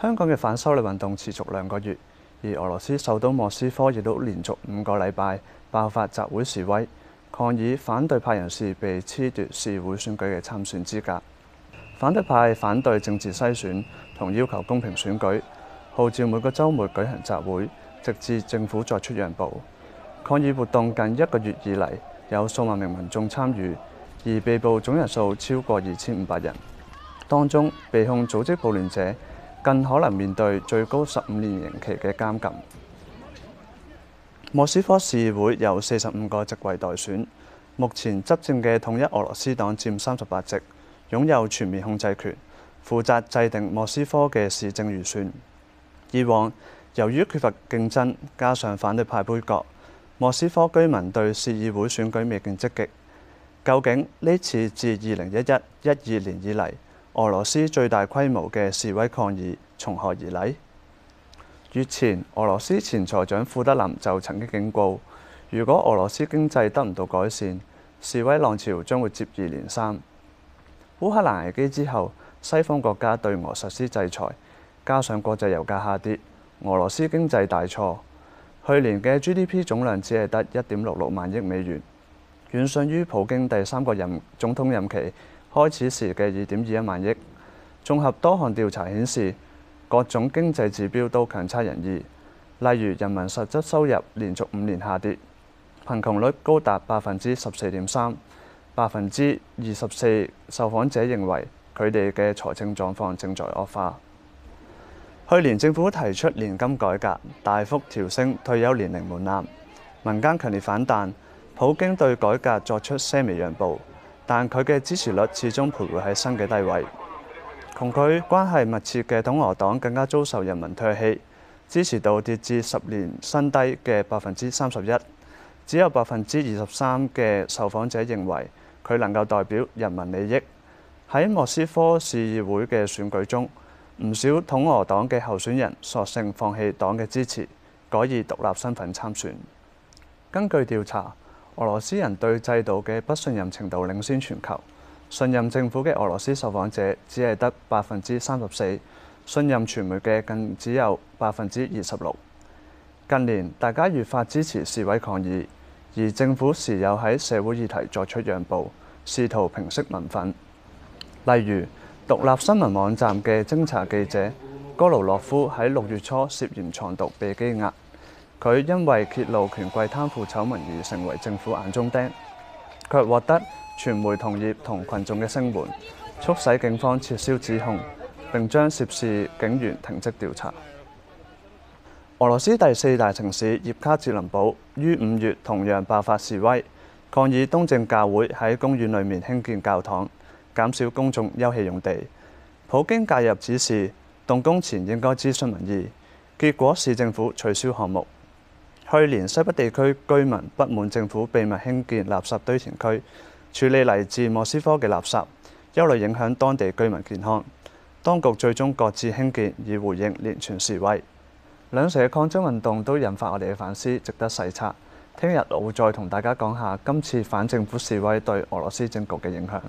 香港嘅反修例運動持續兩個月，而俄羅斯首都莫斯科亦都連續五個禮拜爆發集會示威，抗議反對派人士被褫奪市會選舉嘅參選資格。反對派反對政治篩選同要求公平選舉，號召每個週末舉行集會，直至政府作出讓步。抗議活動近一個月以嚟，有數萬名民眾參與，而被捕總人數超過二千五百人，當中被控組織暴亂者，更可能面對最高十五年刑期嘅監禁。莫斯科市議會有四十五個席位待選，目前執政嘅統一俄羅斯黨佔三十八席，擁有全面控制權，負責制定莫斯科嘅市政預算。以往由於缺乏競爭，加上反對派杯葛，莫斯科居民對市議會選舉未見積極。究竟呢次自二零一一、一二年以嚟俄羅斯最大規模嘅示威抗議從何而嚟？月前，俄羅斯前財長庫德林就曾經警告，如果俄羅斯經濟得唔到改善，示威浪潮將會接二連三。烏克蘭危機之後，西方國家對俄實施制裁，加上國際油價下跌，俄羅斯經濟大挫。去年嘅 GDP 總量只係得一點六六萬億美元，遠遜於普京第三個任總統任期，開始時嘅二點二一萬億，綜合多項調查顯示，各種經濟指標都強差人意。例如人民實質收入連續五年下跌，貧窮率高達百分之十四點三，百分之二十四受訪者認為佢哋嘅財政狀況正在惡化。去年政府提出年金改革，大幅調升退休年齡門檻，民間強烈反彈，普京對改革作出些微讓步。但佢嘅支持率始終徘徊喺新嘅低位，同佢關係密切嘅統俄黨更加遭受人民唾棄，支持度跌至十年新低嘅百分之三十一，只有百分之二十三嘅受訪者認為佢能夠代表人民利益。喺莫斯科市議會嘅選舉中，唔少統俄黨嘅候選人索性放棄黨嘅支持，改以獨立身份參選。根據調查，俄羅斯人對制度嘅不信任程度領先全球，信任政府嘅俄羅斯受訪者只係得百分之三十四，信任傳媒嘅更只有百分之二十六。近年大家越發支持示威抗議，而政府時有喺社會議題作出讓步，試圖平息民憤。例如，獨立新聞網站嘅偵查記者哥魯洛夫喺六月初涉嫌藏毒被羈押。佢因為揭露權貴貪腐醜聞而成為政府眼中釘，卻獲得傳媒、同業同群眾嘅聲援，促使警方撤銷指控，並將涉事警員停職調查。俄羅斯第四大城市葉卡捷林堡於五月同樣爆發示威，抗議東正教會喺公園裏面興建教堂，減少公眾休憩用地。普京介入指示，動工前應該諮詢民意，結果市政府取消項目。去年西北地區居民不滿政府秘密興建垃圾堆填區，處理嚟自莫斯科嘅垃圾，憂慮影響當地居民健康。當局最終各自興建，以回應連串示威。兩場嘅抗爭運動都引發我哋嘅反思，值得細察。聽日我會再同大家講下今次反政府示威對俄羅斯政局嘅影響。